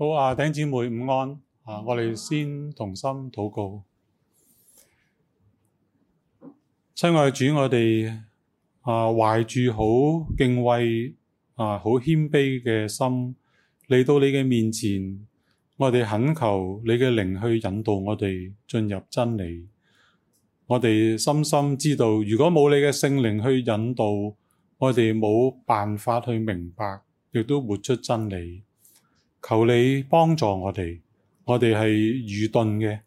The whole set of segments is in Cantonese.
好啊，弟姊妹午安啊！我哋先同心禱告，親愛主我，我哋啊懷住好敬畏啊、好謙卑嘅心嚟到你嘅面前。我哋懇求你嘅靈去引導我哋進入真理。我哋深深知道，如果冇你嘅聖靈去引導，我哋冇辦法去明白亦都活出真理。求你幫助我哋，我哋係愚鈍嘅，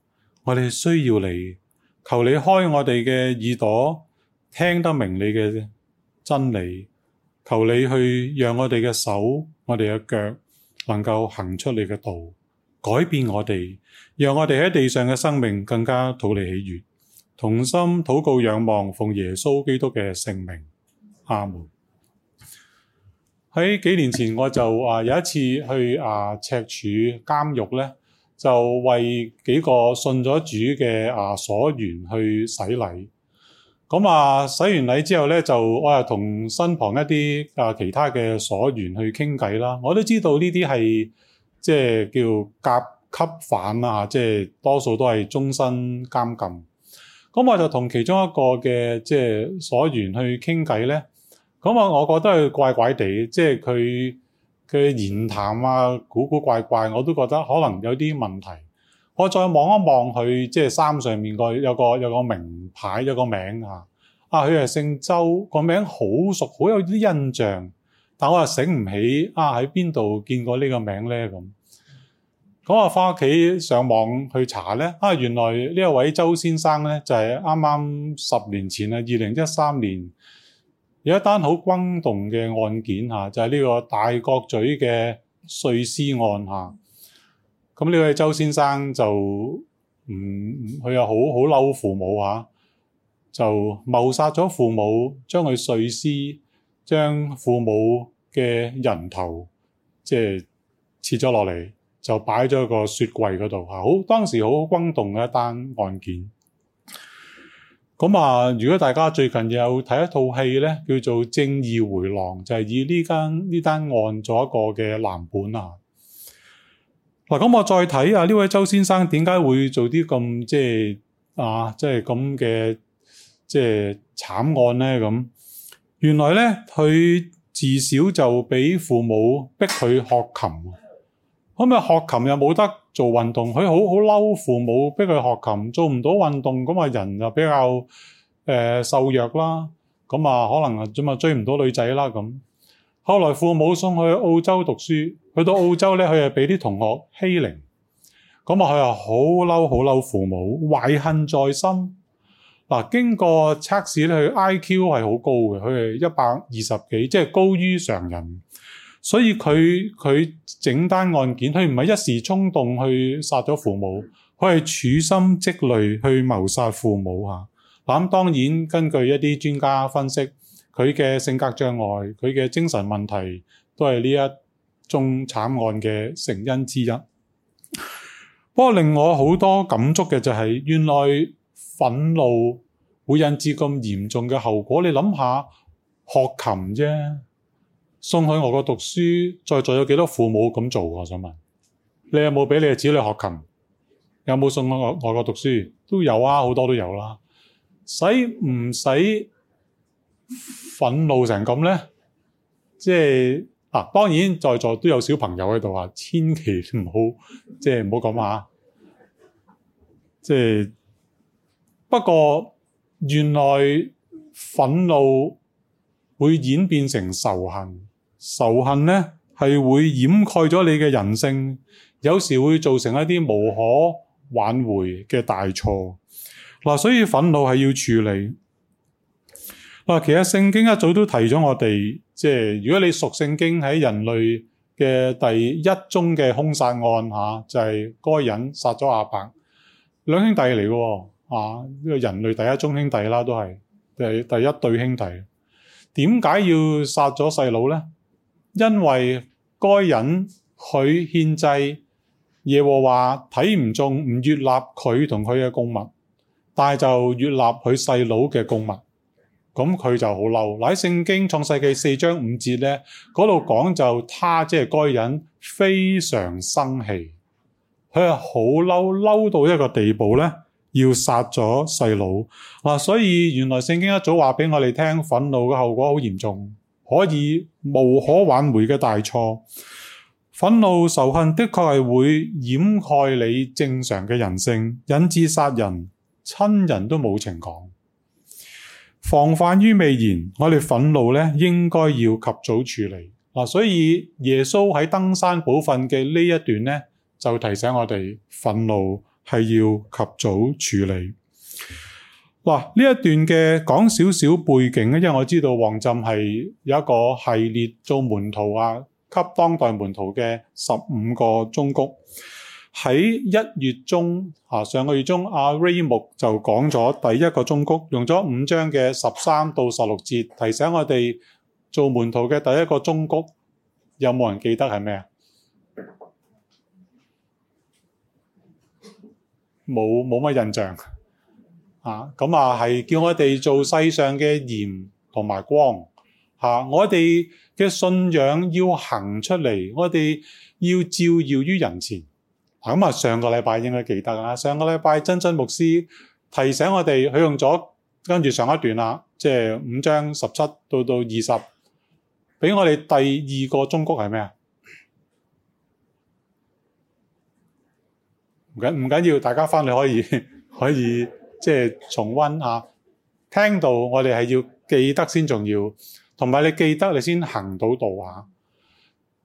我哋需要你。求你開我哋嘅耳朵，聽得明你嘅真理。求你去讓我哋嘅手、我哋嘅腳，能夠行出你嘅道，改變我哋，讓我哋喺地上嘅生命更加討你喜悦。同心禱告，仰望奉耶穌基督嘅聖名，阿門。喺幾年前，我就啊有一次去啊赤柱監獄咧，就為幾個信咗主嘅啊所員去洗禮。咁啊洗完禮之後咧，就我又同身旁一啲啊其他嘅所員去傾偈啦。我都知道呢啲係即係叫甲級犯啊，即係多數都係終身監禁。咁我就同其中一個嘅即係所員去傾偈咧。咁啊，我覺得係怪怪地，即係佢嘅言談啊，古古怪怪，我都覺得可能有啲問題。我再望一望佢，即係衫上面個有個有個名牌，有個名啊，啊，佢係姓周，個名好熟，好有啲印象，但我又醒唔起啊，喺邊度見過呢個名咧咁。咁啊，翻屋企上網去查咧，啊，原來呢一位周先生咧，就係啱啱十年前啊，二零一三年，有一單好轟動嘅案件嚇，就係、是、呢個大角咀嘅碎屍案嚇。咁呢位周先生就唔，佢又好好嬲父母嚇，就謀殺咗父母，將佢碎屍，將父母嘅人頭即係切咗落嚟，就擺、是、咗個雪櫃嗰度嚇。好，當時好轟動嘅一單案件。咁啊！如果大家最近有睇一套戲咧，叫做《正義迴廊》，就係以呢間呢單案做一個嘅藍本啊。嗱，咁我再睇下呢位周先生點解會做啲咁即係啊，即係咁嘅即係慘案咧？咁，啊，原來咧，佢自小就俾父母逼佢學琴。咁啊，學琴又冇得做運動，佢好好嬲父母逼佢學琴，做唔到運動，咁啊人就比較誒瘦弱啦，咁啊可能啊，咋嘛追唔到女仔啦咁。後來父母送去澳洲讀書，去到澳洲咧，佢係俾啲同學欺凌，咁啊佢又好嬲，好嬲父母，懷恨在心。嗱，經過測試咧，佢 IQ 係好高嘅，佢係一百二十幾，即係高於常人。所以佢佢整單案件，佢唔係一時衝動去殺咗父母，佢係處心積慮去謀殺父母嚇。咁當然根據一啲專家分析，佢嘅性格障礙、佢嘅精神問題都係呢一宗慘案嘅成因之一。不過令我好多感觸嘅就係，原來憤怒會引致咁嚴重嘅後果。你諗下，學琴啫。送去外國讀書，在座有幾多父母咁做？我想問，你有冇俾你嘅子女學琴？有冇送去外外國讀書？都有啊，好多都有啦、啊。使唔使憤怒成咁咧？即係嗱、啊，當然在座都有小朋友喺度啊，千祈唔好即係唔好咁啊！即係不過原來憤怒會演變成仇恨。仇恨呢係會掩蓋咗你嘅人性，有時會造成一啲無可挽回嘅大錯嗱。所以憤怒係要處理嗱。其實聖經一早都提咗我哋，即係如果你熟聖經，喺人類嘅第一宗嘅兇殺案吓，就係、是、該隱殺咗亞伯兩兄弟嚟嘅吓，呢個人類第一宗兄弟啦，都係第第一對兄弟，點解要殺咗細佬呢？因為該人佢獻祭，耶和華睇唔中，唔悅納佢同佢嘅供物，但係就悅納佢細佬嘅供物，咁佢就好嬲。嗱，喺聖經創世紀四章五節咧，嗰度講就他即係、就是、該人非常生氣，佢係好嬲，嬲到一個地步咧，要殺咗細佬。嗱，所以原來聖經一早話俾我哋聽，憤怒嘅後果好嚴重。可以無可挽回嘅大錯，憤怒仇恨的確係會掩蓋你正常嘅人性，引致殺人，親人都冇情講。防範於未然，我哋憤怒咧應該要及早處理嗱，所以耶穌喺登山寶訓嘅呢一段咧，就提醒我哋憤怒係要及早處理。嗱，呢一段嘅講少少背景咧，因為我知道旺浸係有一個系列做門徒啊，給當代門徒嘅十五個忠告。喺一月中啊，上個月中阿 Raymond 就講咗第一個忠告，用咗五章嘅十三到十六節，提醒我哋做門徒嘅第一個忠告，有冇人記得係咩啊？冇冇乜印象。啊，咁啊，係叫我哋做世上嘅鹽同埋光。吓、啊，我哋嘅信仰要行出嚟，我哋要照耀於人前。咁啊，啊，上個禮拜應該記得啦。上個禮拜真真牧師提醒我哋，佢用咗跟住上一段啦，即係五章十七到到二十，俾我哋第二個忠告係咩啊？唔緊唔緊要，緊要緊，大家翻嚟可以可以。 可以即係重温下，聽到我哋係要記得先重要，同埋你記得你先行到道嚇。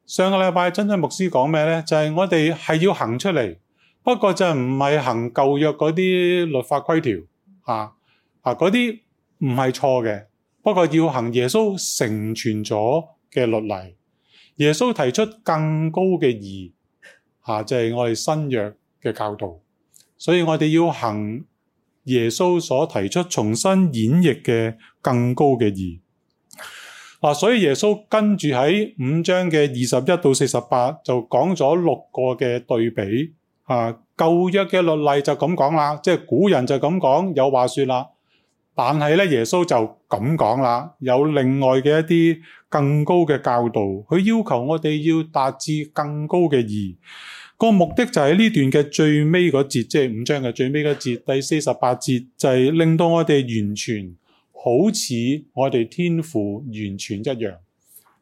上個禮拜真真牧師講咩呢？就係我哋係要行出嚟，不過就唔係行舊約嗰啲律法規條嚇啊。嗰啲唔係錯嘅，不過要行耶穌成全咗嘅律例。耶穌提出更高嘅義嚇，就係我哋新約嘅教導，所以我哋要行。耶穌所提出重新演繹嘅更高嘅義，嗱、啊，所以耶穌跟住喺五章嘅二十一到四十八就講咗六個嘅對比，啊，舊約嘅律例就咁講啦，即係古人就咁講，有話說啦，但係咧耶穌就咁講啦，有另外嘅一啲更高嘅教導，佢要求我哋要達至更高嘅義。個目的就喺呢段嘅最尾嗰節，即係五章嘅最尾嗰節，第四十八節就係令到我哋完全好似我哋天父完全一樣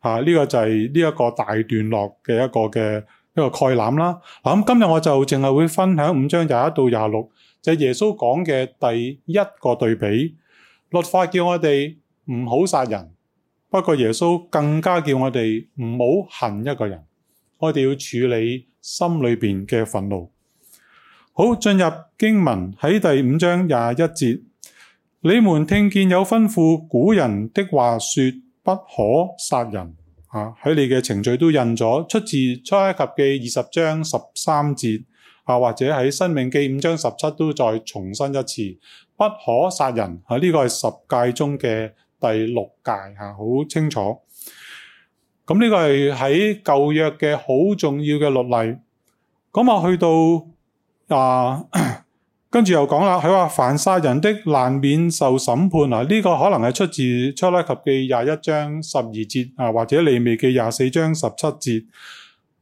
吓。呢、啊這個就係呢一個大段落嘅一個嘅一個概覽啦。嗱、啊，咁今日我就淨係會分享五章廿一到廿六，就係耶穌講嘅第一個對比。律法叫我哋唔好殺人，不過耶穌更加叫我哋唔好恨一個人。我哋要處理。心裏邊嘅憤怒。好，進入經文喺第五章廿一節，你們聽見有吩咐古人的話說：不可殺人。啊，喺你嘅程序都印咗，出自出埃及記二十章十三節。啊，或者喺申命記五章十七都再重申一次，不可殺人。啊，呢個係十誡中嘅第六誡。吓，好清楚。咁呢個係喺舊約嘅好重要嘅律例。咁啊，去到啊，跟住又講啦，佢話凡殺人的難免受審判啊。嗱，呢個可能係出自出埃及記廿一章十二節啊，或者利未記廿四章十七節。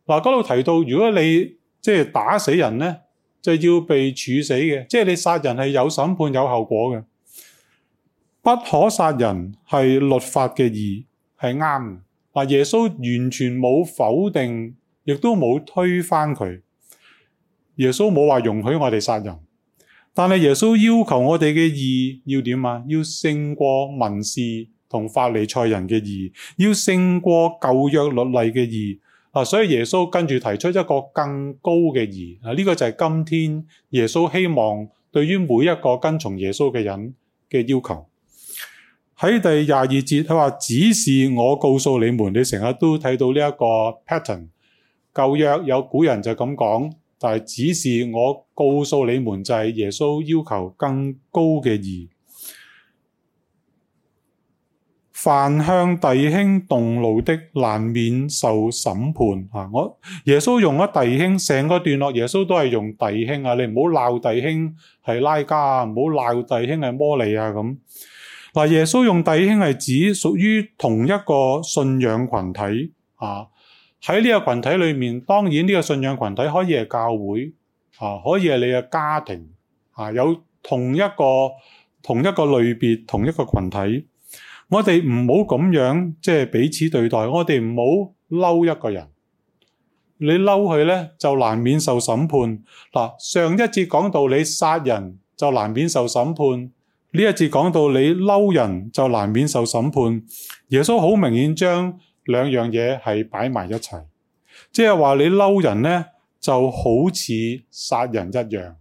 嗱，啊，嗰度提到，如果你即係打死人咧，就要被處死嘅。即係你殺人係有審判、有後果嘅。不可殺人係律法嘅義，係啱。嗱，耶穌完全冇否定，亦都冇推翻佢。耶穌冇話容許我哋殺人，但係耶穌要求我哋嘅義要點啊？要勝過文士同法利賽人嘅義，要勝過舊約律例嘅義。啊，所以耶穌跟住提出一個更高嘅義。啊，呢個就係今天耶穌希望對於每一個跟從耶穌嘅人嘅要求。喺第廿二節，佢話只是我告訴你們，你成日都睇到呢一個 pattern。舊約有古人就咁講，但係只是指示我告訴你們，就係耶穌要求更高嘅義。犯向弟兄動怒的，難免受審判。啊，我耶穌用咗弟兄成個段落，耶穌都係用弟兄，弟兄，弟兄啊，你唔好鬧弟兄係拉家啊，唔好鬧弟兄係魔利啊咁。嗱，耶穌用弟兄係指屬於同一個信仰群體啊！喺呢個群體裏面，當然呢個信仰群體可以係教會啊，可以係你嘅家庭啊，有同一個同一個類別同一個群體。我哋唔好咁樣即係、就是、彼此對待，我哋唔好嬲一個人。你嬲佢呢，就難免受審判。嗱，上一節講到你殺人就難免受審判。呢一節講到你嬲人就難免受審判，耶穌好明顯將兩樣嘢係擺埋一齊，即係話你嬲人咧就好似殺人一樣。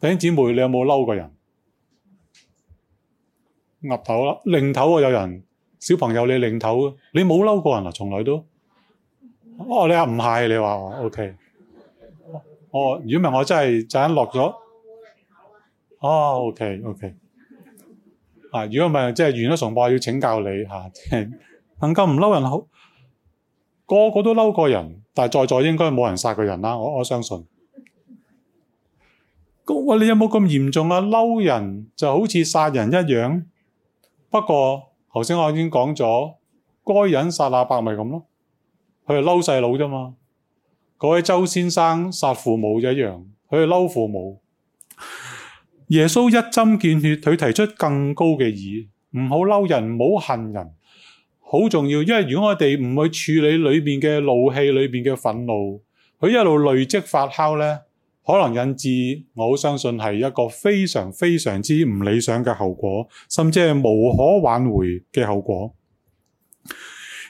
弟兄姊妹，你有冇嬲過人？岌頭啦，擰頭啊！有人小朋友你，你擰頭嘅，你冇嬲過人啊？從來都，哦，你話唔係你話，OK？哦，如果唔係我真係就咁落咗。哦，OK，OK。啊，oh, okay, okay. 如果唔係即係完咗崇拜，要請教你吓，能夠唔嬲人好，個個都嬲過人，但係在座應該冇人殺過人啦，我我相信。咁，你有冇咁嚴重啊？嬲人就好似殺人一樣，不過頭先我已經講咗，該人殺阿伯咪咁咯，佢係嬲細佬啫嘛。嗰位周先生殺父母一樣，佢係嬲父母。 耶穌一針見血，佢提出更高嘅意，唔好嬲人，唔好恨人，好重要。因為如果我哋唔去處理裏面嘅怒氣、裏面嘅憤怒，佢一路累積發酵呢，可能引致我好相信係一個非常非常之唔理想嘅後果，甚至係無可挽回嘅後果。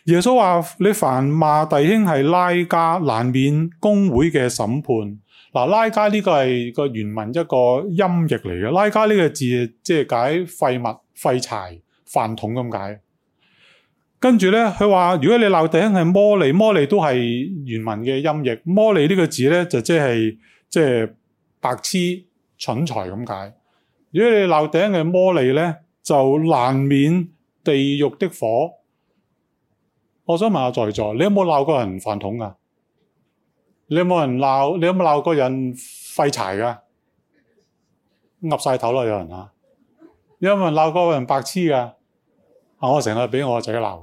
耶穌話：你凡罵弟兄係拉架，難免公會嘅審判。嗱，拉加呢個係個原文一個音譯嚟嘅，拉加呢個字即係解廢物、廢柴、飯桶咁解。跟住呢，佢話，如果你鬧頂係魔利，魔利都係原文嘅音譯。魔利呢個字呢就即係即係白痴、蠢材咁解。如果你鬧頂係魔利呢，就難免地獄的火。我想問下在座，你有冇鬧過人飯桶噶？你有冇人鬧，你有冇鬧過人廢柴㗎？噏曬頭咯，有人嚇！你有冇人鬧過人白痴㗎？我成日俾我仔鬧。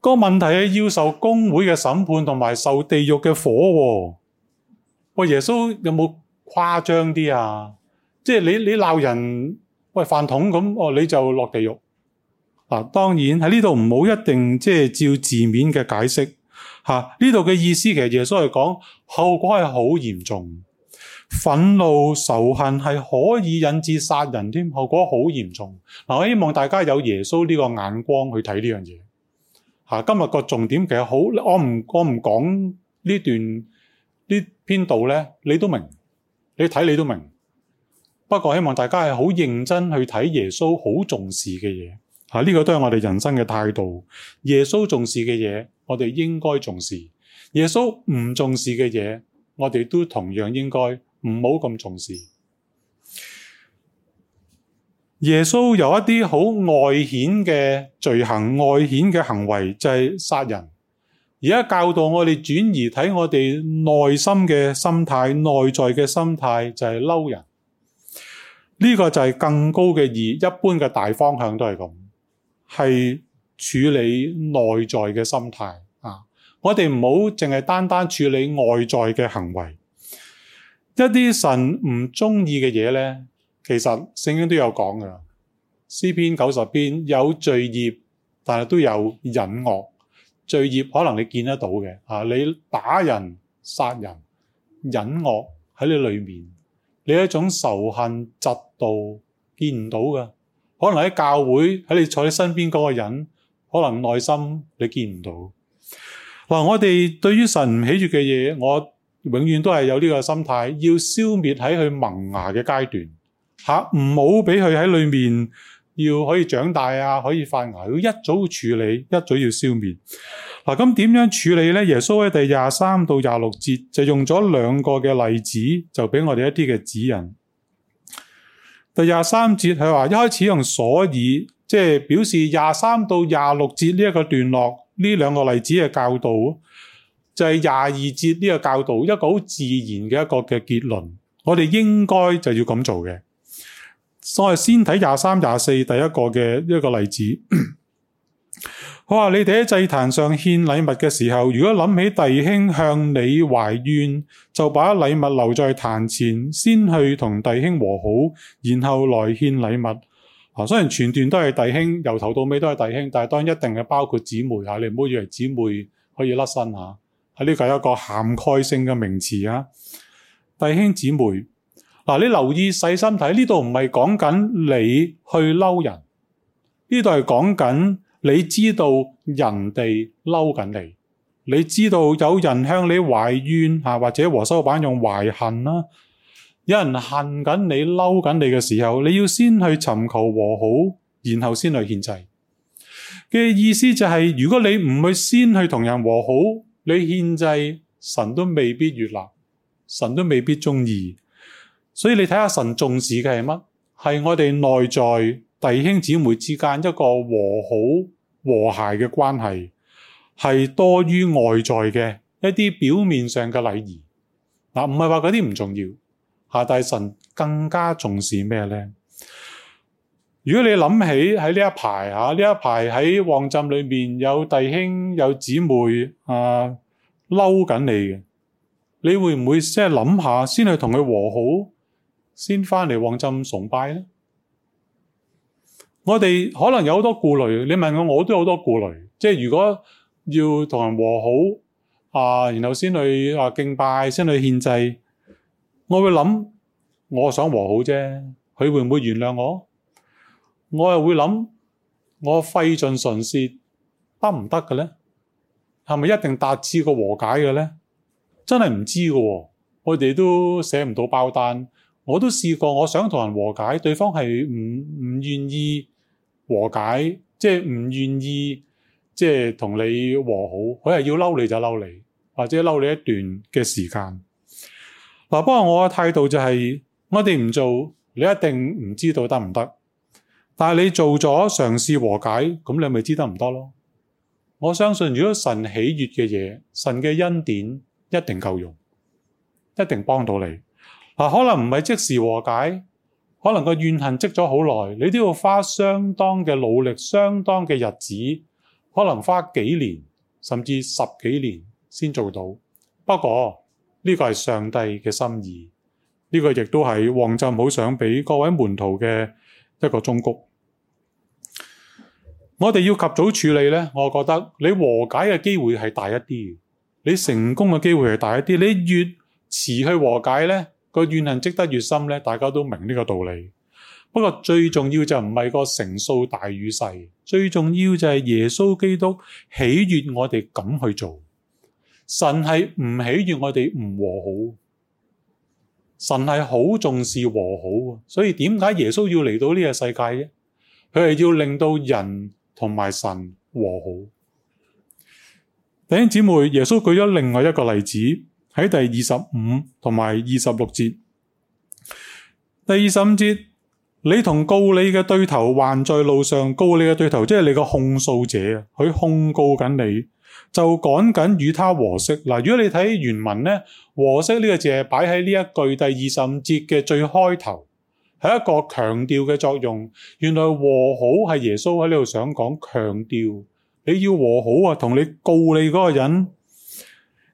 個 問題係要受公會嘅審判，同埋受地獄嘅火。喂，耶穌有冇誇張啲啊？即係你你鬧人喂飯桶咁，你就落地獄。嗱、啊，當然喺呢度唔好一定即係照字面嘅解釋嚇。呢度嘅意思其實耶穌係講後果係好嚴重，憤怒仇恨係可以引致殺人添，後果好嚴重。嗱、啊，我希望大家有耶穌呢個眼光去睇呢樣嘢嚇。今日個重點其實好，我唔我唔講呢段呢篇道呢，你都明，你睇你都明。不過希望大家係好認真去睇耶穌好重視嘅嘢。啊！呢個都係我哋人生嘅態度。耶穌重視嘅嘢，我哋應該重視；耶穌唔重視嘅嘢，我哋都同樣應該唔好咁重視。耶穌有一啲好外顯嘅罪行，外顯嘅行為就係殺人。而家教導我哋轉移睇我哋內心嘅心態，內在嘅心態就係嬲人。呢個就係更高嘅義，一般嘅大方向都係咁。係處理內在嘅心態啊！我哋唔好淨係單單處理外在嘅行為。一啲神唔中意嘅嘢咧，其實聖經都有講㗎。詩篇九十篇有罪孽，但係都有隱惡。罪孽可能你見得到嘅啊，你打人、殺人、隱惡喺你裏面。你一種仇恨、嫉妒見唔到噶。可能喺教會，喺你坐喺身邊嗰個人，可能內心你見唔到。嗱，我哋對於神唔喜悅嘅嘢，我永遠都係有呢個心態，要消滅喺佢萌芽嘅階段吓，唔好俾佢喺裏面要可以長大啊，可以發芽，要一早處理，一早要消滅。嗱、啊，咁點樣處理呢？耶穌喺第廿三到廿六節就用咗兩個嘅例子，就俾我哋一啲嘅指引。第廿三節佢話一開始用所以，即係表示廿三到廿六節呢一個段落呢兩個例子嘅教導，就係廿二節呢個教導一個好自然嘅一個嘅結論。我哋應該就要咁做嘅。所以先睇，廿三廿四第一個嘅一個例子。 佢話你哋喺祭壇上獻禮物嘅時候，如果諗起弟兄向你懷怨，就把禮物留在壇前，先去同弟兄和好，然後來獻禮物。啊，雖然全段都係弟兄，由頭到尾都係弟兄，但係當然一定係包括姊妹吓，你唔好以為姊妹可以甩身吓，呢個係一個涵蓋性嘅名詞啊。弟兄姊妹，嗱、啊，你留意細心睇呢度唔係講緊你去嬲人，呢度係講緊。你知道人哋嬲緊你，你知道有人向你懷怨啊，或者和修板用懷恨啦，有人恨緊你、嬲緊你嘅時候，你要先去尋求和好，然後先去獻祭嘅意思就係、是，如果你唔去先去同人和好，你獻祭神都未必悅立悅納，神都未必中意。所以你睇下神重視嘅係乜？係我哋內在。弟兄姊妹之間一個和好和諧嘅關係，係多於外在嘅一啲表面上嘅禮儀。嗱、啊，唔係話嗰啲唔重要吓，啊，但神更加重視咩呢？如果你諗起喺呢一排吓，呢，啊、一排喺旺浸裏面有弟兄有姊妹啊嬲緊你嘅，你會唔會即係諗下先去同佢和好，先返嚟旺浸崇拜呢？我哋可能有好多顧慮，你問我我都有好多顧慮。即係如果要同人和好啊，然後先去啊敬拜，先去獻祭，我會諗我想和好啫，佢會唔會原諒我？我又會諗我費盡唇舌得唔得嘅咧？係咪一定達至個和解嘅咧？真係唔知嘅、哦，我哋都寫唔到包單。我都試過，我想同人和解，對方係唔唔願意和解，即係唔願意即係同你和好，佢係要嬲你就嬲你，或者嬲你一段嘅時間。嗱，不過我嘅態度就係、是，我哋唔做，你一定唔知道得唔得？但係你做咗嘗試和解，咁你咪知得唔得咯。我相信，如果神喜悅嘅嘢，神嘅恩典一定夠用，一定幫到你。嗱，可能唔係即時和解，可能個怨恨積咗好耐，你都要花相當嘅努力，相當嘅日子，可能花幾年甚至十幾年先做到。不過呢、這個係上帝嘅心意，呢、這個亦都係王振武想俾各位門徒嘅一個忠告。我哋要及早處理呢，我覺得你和解嘅機會係大一啲，你成功嘅機會係大一啲。你越遲去和解呢，個怨恨積得越深咧，大家都明呢個道理。不過最重要就唔係個成數大與細，最重要就係耶穌基督喜悦我哋咁去做。神係唔喜悦我哋唔和好，神係好重視和好。所以點解耶穌要嚟到呢個世界啫？佢係要令到人同埋神和好。弟兄姊妹，耶穌舉咗另外一個例子。喺第二十五同埋二十六節。第二十五節，你同告你嘅對頭還在路上，告你嘅對頭即係你個控訴者，佢控告緊你，就趕緊與他和息。嗱，如果你睇原文呢，和息呢個字係擺喺呢一句第二十五節嘅最開頭，係一個強調嘅作用。原來和好係耶穌喺呢度想講，強調你要和好啊，同你告你嗰個人。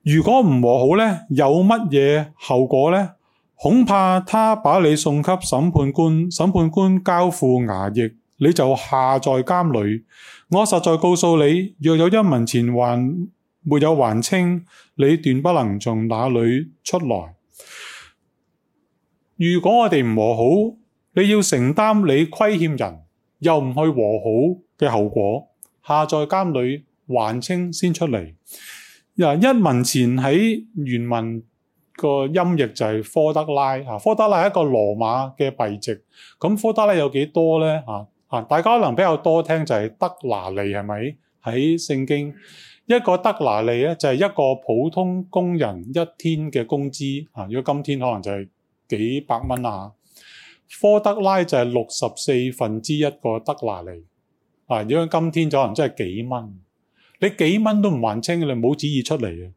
如果唔和好呢，有乜嘢後果呢？恐怕他把你送給審判官，審判官交付衙役，你就下在監裏。我實在告訴你，若有一文錢還沒有還清，你斷不能從那裏出來。如果我哋唔和好，你要承擔你虧欠人又唔去和好嘅後果，下在監裏還清先出嚟。嗱，一文錢喺原文個音譯就係科德拉，啊，科德拉係一個羅馬嘅幣值。咁科德拉有幾多咧？啊啊，大家可能比較多聽就係德拿利，係咪？喺聖經一個德拿利咧，就係一個普通工人一天嘅工資。啊，如果今天可能就係幾百蚊啦。科德拉就係六十四分之一個德拿利。啊，如果今天就可能真係幾蚊。你幾蚊都唔還清你唔好旨意出嚟嘅。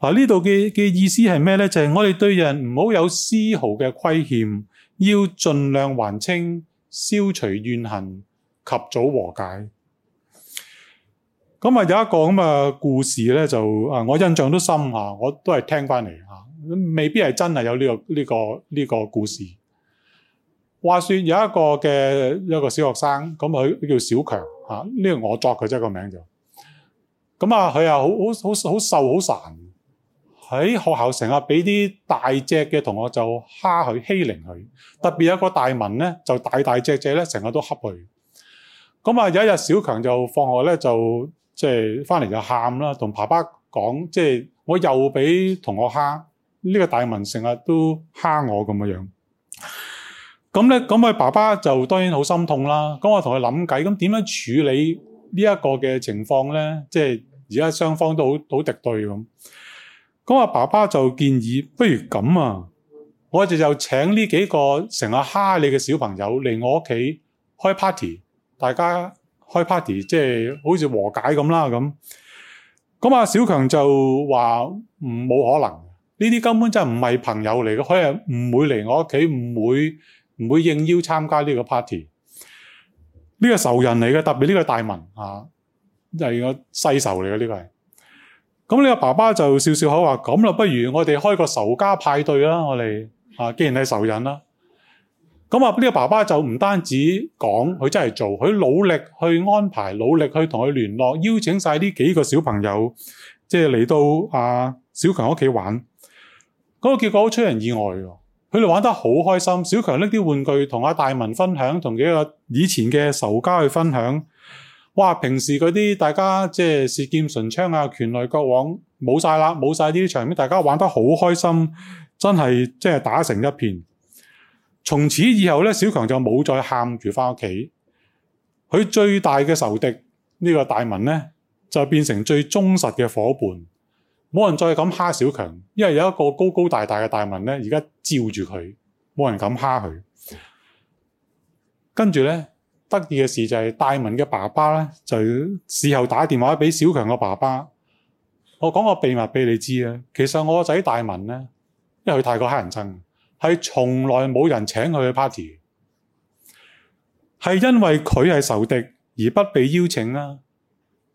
嗱，呢度嘅嘅意思係咩咧？就係我哋對人唔好有絲毫嘅虧欠，要盡量還清，消除怨恨，及早和解。咁啊有一個咁嘅故事咧，就啊我印象都深吓，我都係聽翻嚟吓，未必係真係有呢個呢個呢個故事。話說有一個嘅一個小學生，咁佢叫小強吓，呢個我作佢即個名就。咁啊，佢又好好好好瘦好孱，喺學校成日俾啲大隻嘅同學就蝦佢，欺凌佢。特別有一個大文咧，就大大隻隻咧，成日都蝦佢。咁啊，有一日小強就放學咧，就即係翻嚟就喊啦，同爸爸講，即係我又俾同學蝦，呢個大文成日都蝦我咁嘅樣。咁咧，咁佢爸爸就當然好心痛啦。咁我同佢諗計，咁點樣處理呢一個嘅情況咧？即係。而家雙方都好好敵對咁，咁阿爸爸就建議，不如咁啊，我哋就請呢幾個成日蝦你嘅小朋友嚟我屋企開 party，大家開 party 即係好似和解咁啦咁。咁阿小強就話唔冇可能，呢啲根本就唔係朋友嚟嘅，佢係唔會嚟我屋企，唔會唔會應邀參加呢個 party，呢個仇人嚟嘅，特別呢個大民。」啊。係個世仇嚟嘅呢個係，咁、這、呢個爸爸就笑笑口話：咁啦，不如我哋開個仇家派對啦，我哋啊，既然係仇人啦，咁啊呢個爸爸就唔單止講，佢真係做，佢努力去安排，努力去同佢聯絡，邀請晒呢幾個小朋友，即係嚟到阿、啊、小強屋企玩。嗰個結果好出人意外，佢哋玩得好開心。小強拎啲玩具同阿大文分享，同幾個以前嘅仇家去分享。哇！平時嗰啲大家即係舌劍唇槍啊、拳來腳往冇晒啦，冇晒呢啲場面，大家玩得好開心，真係即係打成一片。從此以後咧，小強就冇再喊住翻屋企。佢最大嘅仇敵呢、呢個大文咧，就變成最忠實嘅伙伴，冇人再敢蝦小強，因為有一個高高大大嘅大文咧，而家照住佢，冇人敢蝦佢。跟住咧。得意嘅事就係大文嘅爸爸咧，就事後打電話俾小強嘅爸爸。我講個秘密俾你知啊，其實我個仔大文咧，因為佢太過黑人憎，係從來冇人請佢去 party，係因為佢係受敵而不被邀請啊？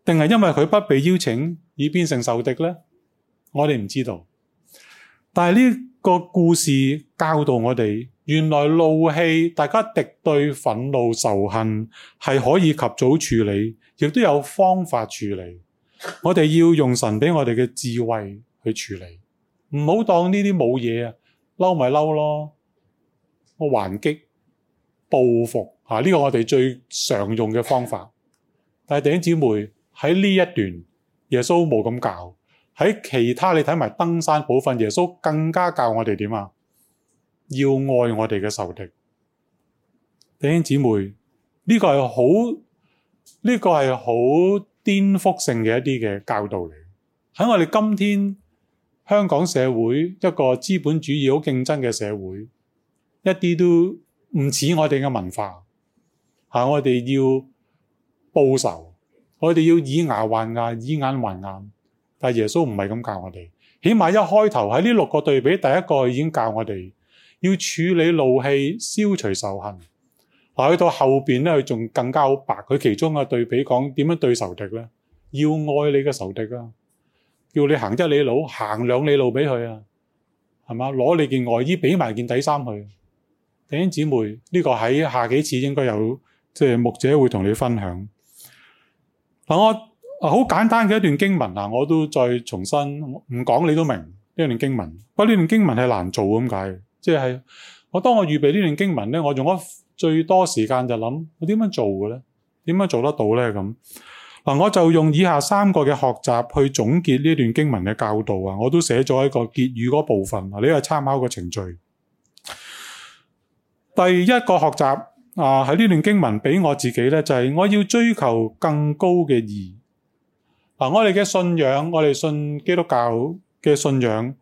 定係因為佢不被邀請而變成受敵咧？我哋唔知道。但係呢個故事教導我哋。原來怒氣，大家敵對、憤怒、仇恨，係可以及早處理，亦都有方法處理。 我哋要用神俾我哋嘅智慧去處理，唔好當呢啲冇嘢啊，嬲咪嬲咯，我還擊、報復啊，呢個我哋最常用嘅方法。但係弟兄姊妹喺呢一段，耶穌冇咁教；喺其他，你睇埋登山寶訓，耶穌更加教我哋點啊。要愛我哋嘅仇敵，弟兄姊妹，呢個係好呢個係好顛覆性嘅一啲嘅教導嚟。喺我哋今天香港社會一個資本主義好競爭嘅社會，一啲都唔似我哋嘅文化吓。我哋要報仇，我哋要以牙還牙，以眼還眼。但耶穌唔係咁教我哋，起碼一開頭喺呢六個對比，第一個已經教我哋。要處理怒氣，消除仇恨。嗱，去到後邊咧，佢仲更加好白。佢其中嘅對比講點樣對仇敵咧？要愛你嘅仇敵啊！叫你行一里路，行兩里路俾佢啊，係嘛？攞你件外衣，俾埋件底衫佢。弟兄姊妹，呢個喺下幾次應該有，即係牧者會同你分享。嗱，我好簡單嘅一段經文，啊，我都再重申唔講，你都明呢段經文。不過呢段經文係難做咁解。即係我當我預備呢段經文咧，我用咗最多時間就諗我點樣做嘅咧？點樣做得到咧？咁嗱，我就用以下三個嘅學習去總結呢段經文嘅教導啊。我都寫咗一個結語嗰部分啊，你係參考個程序。第一個學習啊，喺呢段經文俾我自己咧，就係、是、我要追求更高嘅義嗱、啊。我哋嘅信仰，我哋信基督教嘅信仰，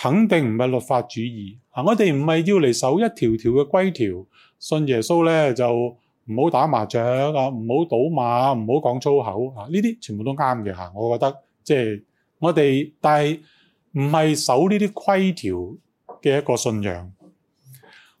肯定唔係律法主義。啊！我哋唔係要嚟守一條條嘅規條，信耶穌咧就唔好打麻雀啊，唔好賭馬，唔好講粗口啊！呢啲全部都啱嘅嚇，我覺得即係我哋，但係唔係守呢啲規條嘅一個信仰，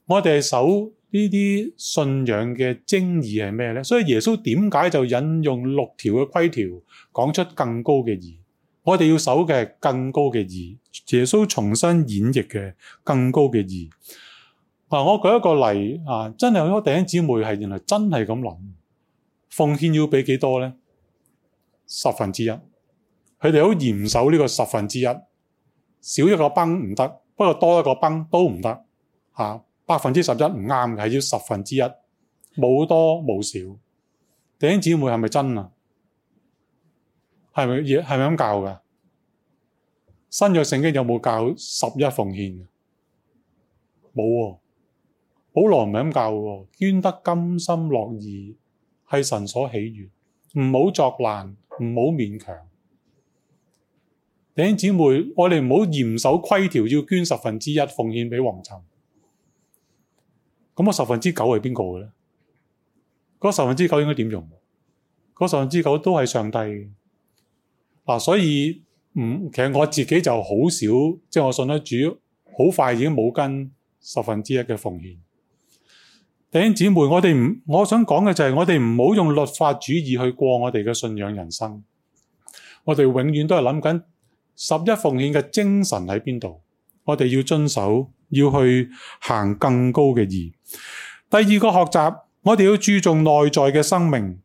我哋係守呢啲信仰嘅精義係咩咧？所以耶穌點解就引用六條嘅規條講出更高嘅義？我哋要守嘅更高嘅義，耶穌重新演繹嘅更高嘅義，嗱、啊，我舉一個例啊，真係好多弟兄姊妹係原來真係咁諗，奉獻要俾幾多咧？十分之一，佢哋好嚴守呢個十分之一，少一個崩唔得，不過多一個崩都唔得，吓、啊、百分之十一唔啱嘅，係要十分之一，冇多冇少。弟兄姊妹係咪真啊？係咪，係咪咁教噶？新約聖經有冇教十一奉獻？冇、啊，保羅唔係咁教嘅。捐得甘心樂意係神所喜悅，唔好作難，唔好勉強。弟兄姊妹，我哋唔好嚴守規條，要捐十分之一奉獻俾王陳。咁、嗰、我、個、十分之九係邊、嗰個嘅咧？嗰十分之九應該點用？嗰、嗰個、十分之九都係上帝。嗱、啊，所以。嗯，其實我自己就好少，即係我信得主，好快已經冇跟十分之一嘅奉獻。弟兄姊妹，我哋唔，我想講嘅就係我哋唔好用律法主義去過我哋嘅信仰人生。我哋永遠都係諗緊十一奉獻嘅精神喺邊度。我哋要遵守，要去行更高嘅義。第二個學習，我哋要注重內在嘅生命。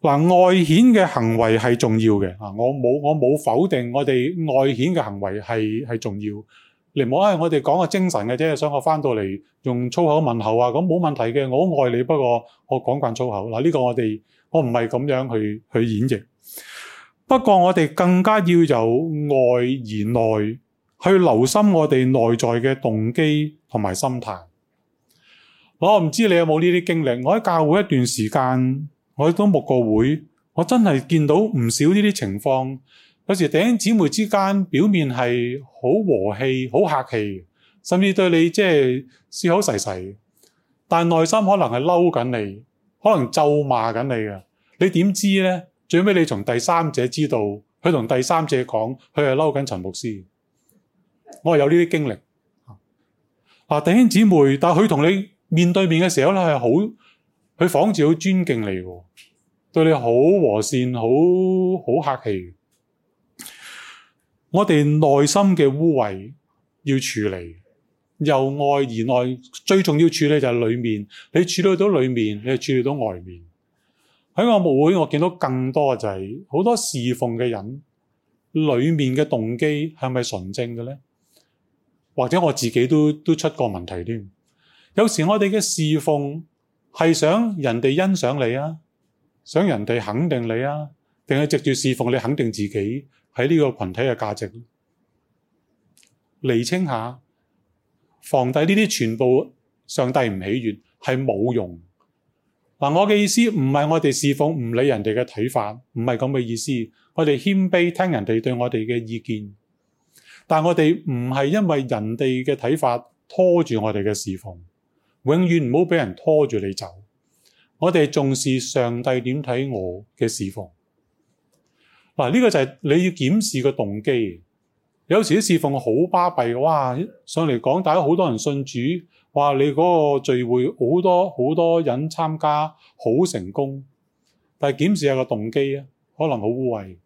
嗱、呃、外顯嘅行為係重要嘅。啊、呃、我冇我冇否定我哋外顯嘅行為係係重要，你唔好誒我哋講個精神嘅啫，想我翻到嚟，用粗口問候啊，咁冇問題嘅，我好愛你，不過我講慣粗口，嗱、呃、呢、這個我哋我唔係咁樣去去演繹，不過我哋更加要有外而內去留心我哋內在嘅動機同埋心態，呃，我唔知你有冇呢啲經歷？我喺教會一段時間。我都牧過會，我真係見到唔少呢啲情況。有時弟兄姊妹之間表面係好和氣、好客氣，甚至對你即係笑口噬噬，但係內心可能係嬲緊你，可能咒罵緊你嘅。你點知呢？最尾你從第三者知道，佢同第三者講，佢係嬲緊陳牧師。我有呢啲經歷。嗱、啊，弟兄姊妹，但係佢同你面對面嘅時候咧，係好，佢仿似好尊敬你。對你好和善，好好客氣。我哋內心嘅污穢要處理，由外而內最重要處理就係裡面。你處理到裡面，你係處理到外面。喺我牧會，我見到更多就係好多侍奉嘅人，裡面嘅動機係咪純正嘅呢？或者我自己都都出過問題添。有時我哋嘅侍奉係想人哋欣賞你啊。想人哋肯定你啊，定係藉住侍奉你肯定自己喺呢個群體嘅價值？厘清下，放低呢啲全部，上帝唔喜悅，係冇用。嗱，我嘅意思唔係我哋侍奉唔理人哋嘅睇法，唔係咁嘅意思。我哋謙卑聽人哋對我哋嘅意見，但我哋唔係因為人哋嘅睇法拖住我哋嘅侍奉。永遠唔好俾人拖住你走。我哋重視上帝點睇我嘅侍奉，嗱，呢個就係你要檢視個動機。有時啲侍奉好巴閉，哇，上嚟講，大家好多人信主，哇你嗰個聚會好多好多人參加，好成功。但係檢視下個動機啊，可能好污穢。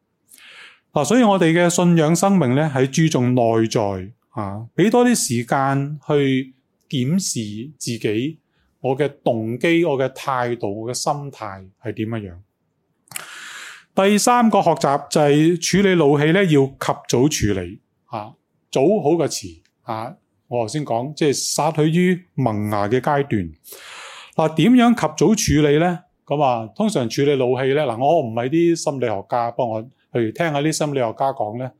嗱，所以我哋嘅信仰生命咧，係注重內在啊，俾多啲時間去檢視自己。我嘅動機、我嘅態度、我嘅心態係點樣？第三個學習就係處理怒氣呢要及早處理啊，早好過遲啊！我頭先講即係殺佢於萌芽嘅階段。嗱、啊，點樣及早處理呢？咁啊，通常處理怒氣呢，嗱，我唔係啲心理學家幫我，譬如聽下啲心理學家講呢，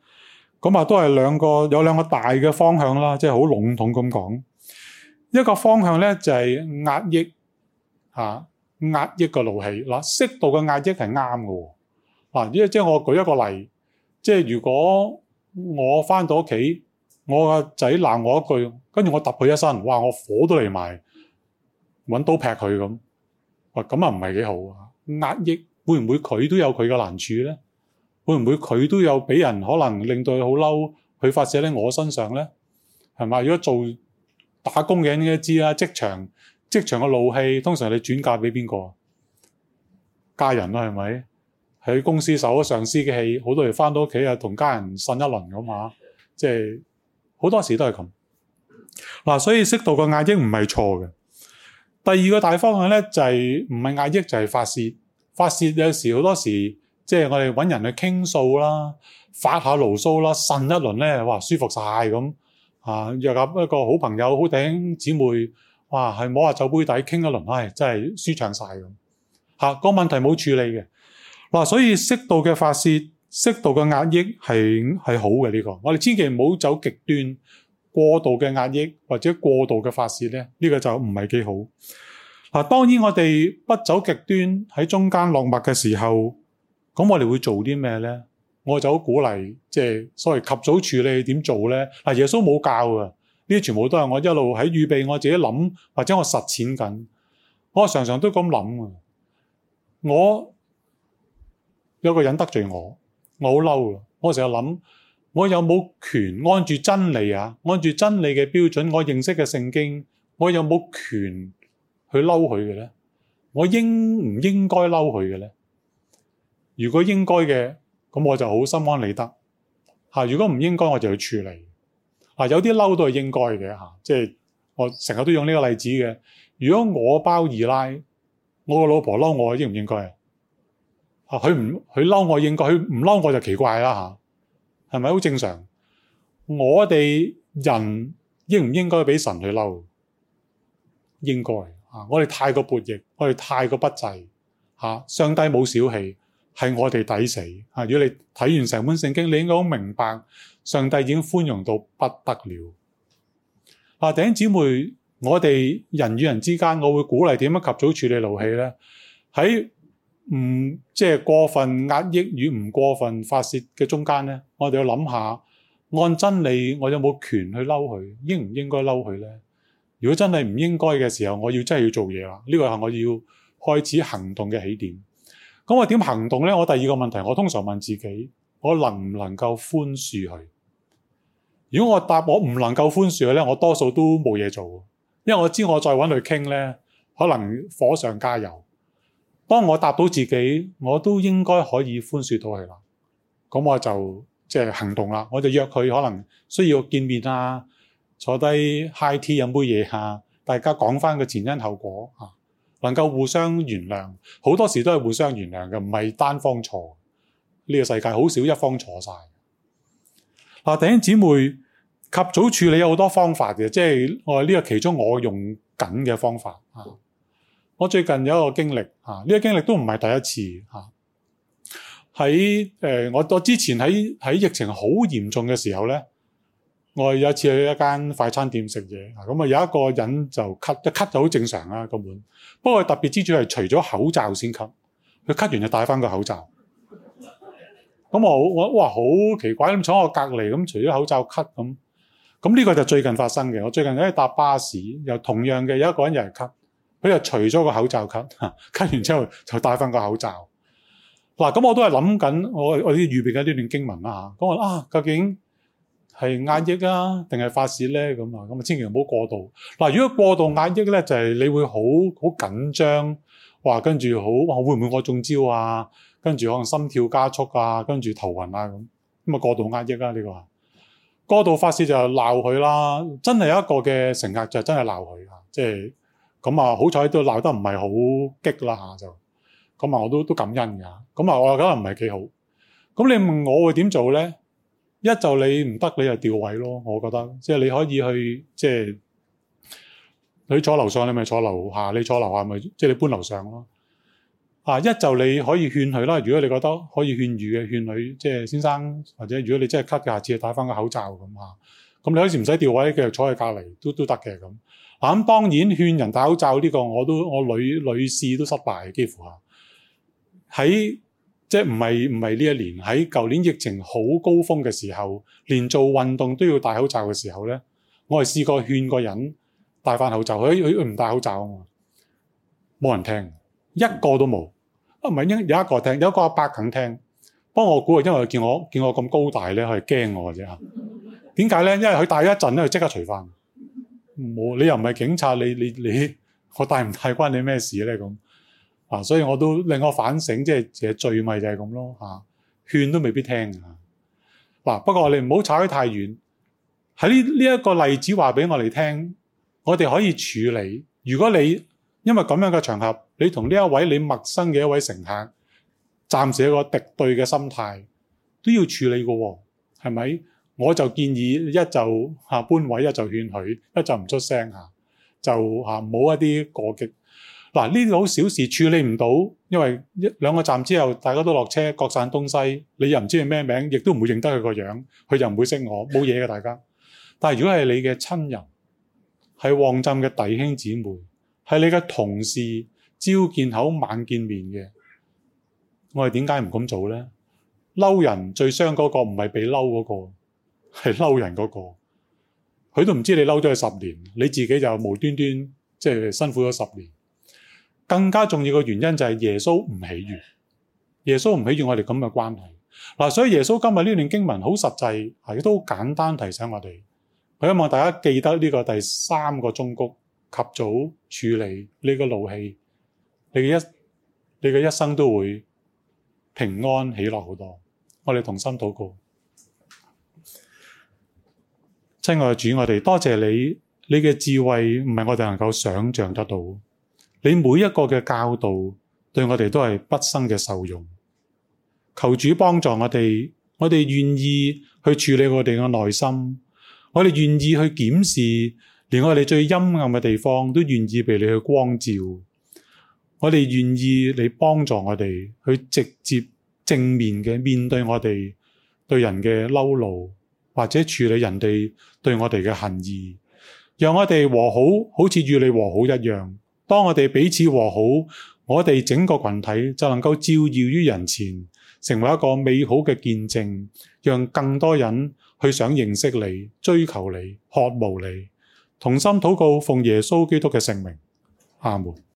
咁啊，都係兩個有兩個大嘅方向啦，即係好籠統咁講。一個方向咧就係壓抑嚇、啊、壓抑個怒氣，嗱、啊、適度嘅壓抑係啱嘅。嗱、啊，即即我舉一個例，即如果我返到屋企，我個仔鬧我一句，跟住我揼佢一身，哇！我火都嚟埋，揾刀劈佢咁。哇、啊！咁啊唔係幾好啊？壓抑會唔會佢都有佢嘅難處咧？會唔會佢都有俾人可能令到佢好嬲，佢發洩喺我身上咧？係咪？如果做？打工嘅人應該知啦，職場職場嘅怒氣，通常你轉嫁俾邊個？家人啦，係咪？喺公司受咗上司嘅氣，好多時翻到屋企啊，同家人呻一輪咁嘛，即係好多時都係咁。嗱，所以適度嘅壓抑唔係錯嘅。第二個大方向咧就係唔係壓抑就係發泄。發泄有時好多時，即係我哋揾人去傾訴啦，發下牢騷啦，呻一輪咧，哇，舒服晒咁。啊，約下一個好朋友、好弟兄姊妹，哇，係摸下酒杯底傾一輪，唉、哎，真係舒暢晒。咁、啊。嚇，個問題冇處理嘅嗱、啊，所以適度嘅發泄、適度嘅壓抑係係好嘅呢、呢個。我哋千祈唔好走極端，過度嘅壓抑或者過度嘅發泄咧，呢、呢個就唔係幾好。嗱、啊，當然我哋不走極端喺中間落墨嘅時候，咁我哋會做啲咩咧？我就好鼓勵，即係所謂及早處理點做咧。嗱，耶穌冇教㗎，呢啲全部都係我一路喺預備，我自己諗或者我實踐緊。我常常都咁諗啊。我有個人得罪我，我好嬲啊。我成日諗，我有冇權按住真理啊？按住真理嘅標準，我認識嘅聖經，我有冇權去嬲佢嘅咧？我應唔應該嬲佢嘅咧？如果應該嘅。咁我就好心安理得嚇。如果唔應該，我就去處理。嚇、啊，有啲嬲都係應該嘅嚇。即係我成日都用呢個例子嘅。如果我包二奶，我個老婆嬲我，應唔應該啊？佢唔佢嬲我應該，佢唔嬲我就奇怪啦嚇。係咪好正常？我哋人應唔應該俾神去嬲？應該啊！我哋太過叛逆，我哋太過不濟嚇、啊。上帝冇小氣。係我哋抵死啊！如果你睇完成本聖經，你應該好明白，上帝已經寬容到不得了。啊，弟兄姊妹，我哋人與人之間，我會鼓勵點樣及早處理怒氣呢？喺唔即係過分壓抑與唔過分發泄嘅中間呢，我哋要諗下，按真理我有冇權去嬲佢？應唔應該嬲佢呢？如果真係唔應該嘅時候，我要真係要做嘢啦。呢個係我要開始行動嘅起點。咁我點行動呢？我第二個問題，我通常問自己，我能唔能夠寬恕佢？如果我答我唔能夠寬恕佢呢，我多數都冇嘢做，因為我知我再揾佢傾呢，可能火上加油。當我答到自己，我都應該可以寬恕到佢啦。咁我就即係、就是、行動啦，我就約佢，可能需要見面啊，坐低 high tea 飲杯嘢下，大家講翻個前因後果吓。能夠互相原諒，好多時都係互相原諒嘅，唔係單方錯。呢個世界好少一方錯晒。嗱，弟兄姊妹及早處理有好多方法嘅，即係我呢個其中我用緊嘅方法啊。我最近有一個經歷啊，呢個經歷都唔係第一次啊。喺誒，我我之前喺喺疫情好嚴重嘅時候咧。我有一次去一間快餐店食嘢，咁啊有一個人就咳，一咳就好正常啦、啊、根本。不過特別之處係除咗口罩先咳，佢咳完就戴翻個口罩。咁我我哇好奇怪咁坐我隔離咁除咗口罩咳咁，咁呢個就最近發生嘅。我最近誒搭巴士又同樣嘅有一個人又係咳，佢就除咗個口罩咳嚇，咳完之後就戴翻個口罩。嗱咁我都係諗緊我我啲預備緊呢段經文啦嚇，咁我啊，啊究竟？係壓抑啊，定係發泄咧，咁啊？咁啊，千祈唔好過度。嗱，如果過度壓抑咧，就係、是、你會好好緊張，話跟住好，會唔會我中招啊？跟住可能心跳加速啊，跟住頭暈啊咁。咁啊，過度壓抑啊呢、這個。過度發泄就鬧佢啦。真係有一個嘅乘客就真係鬧佢啊。即係咁啊，好彩都鬧得唔係好激啦嚇就。咁啊，我都都感恩㗎。咁啊，我又覺得唔係幾好。咁你問我會點做咧？一就你唔得，你就調位咯。我覺得，即係你可以去，即係你坐樓上，你咪坐樓下；你坐樓下，咪即係你搬樓上咯。啊！一就你可以勸佢啦。如果你覺得可以勸喻嘅，勸佢即係先生，或者如果你真係咳嘅，下次就戴翻個口罩咁嚇、啊。咁你好似唔使調位嘅，坐喺隔離都都得嘅咁。咁當然勸人戴口罩呢個我都，我都我女女士都失敗幾乎嚇喺。即係唔係唔係呢一年喺舊年疫情好高峰嘅時候，連做運動都要戴口罩嘅時候咧，我係試過勸個人戴翻口罩，佢佢唔戴口罩啊嘛，冇人聽，一個都冇。啊唔係應有一個聽，有一個阿伯肯聽，幫我估啊，因為佢見我見我咁高大咧，佢係驚我嘅啫嚇。點解咧？因為佢戴一陣咧，佢即刻除翻。冇，你又唔係警察，你你你我戴唔戴關你咩事咧咁？啊，所以我都令我反省，即係其實罪咪就係咁咯嚇、啊，勸都未必聽啊。嗱，不過你唔好炒得太遠。喺呢呢一個例子話俾我哋聽，我哋可以處理。如果你因為咁樣嘅場合，你同呢一位你陌生嘅一位乘客，暫時有一個敵對嘅心態，都要處理嘅喎、哦，係咪？我就建議一就嚇搬位，一就勸佢，一就唔出聲嚇、啊，就嚇冇、啊、一啲過激。嗱，呢啲好小事處理唔到，因為一兩個站之後，大家都落車各散東西。你又唔知係咩名，亦都唔會認得佢個樣，佢又唔會識我冇嘢嘅。大家，但係如果係你嘅親人，係旺浸嘅弟兄姊妹，係你嘅同事，朝見口晚見面嘅，我哋點解唔咁做呢？嬲人最傷嗰個唔係被嬲嗰個，係嬲人嗰個，佢都唔知你嬲咗佢十年，你自己就無端端即係辛苦咗十年。更加重要嘅原因就係耶穌唔喜悅，耶穌唔喜悅我哋咁嘅關係嗱，所以耶穌今日呢段經文好實際，亦都簡單提醒我哋。我希望大家記得呢個第三個忠告，及早處理呢個怒氣，你一你嘅一生都會平安喜樂好多。我哋同心禱告，親愛主我，我哋多謝你，你嘅智慧唔係我哋能夠想象得到。你每一個嘅教導對我哋都係畢生嘅受用。求主幫助我哋，我哋願意去處理我哋嘅內心，我哋願意去檢視，連我哋最陰暗嘅地方都願意被你去光照。我哋願意你幫助我哋去直接正面嘅面對我哋對人嘅嬲怒，或者處理人哋對我哋嘅恨意，讓我哋和好，好似與你和好一樣。當我哋彼此和好，我哋整個群體就能夠照耀於人前，成為一個美好嘅見證，讓更多人去想認識你，追求你，渴慕你，同心禱告，奉耶穌基督嘅聖名，阿門。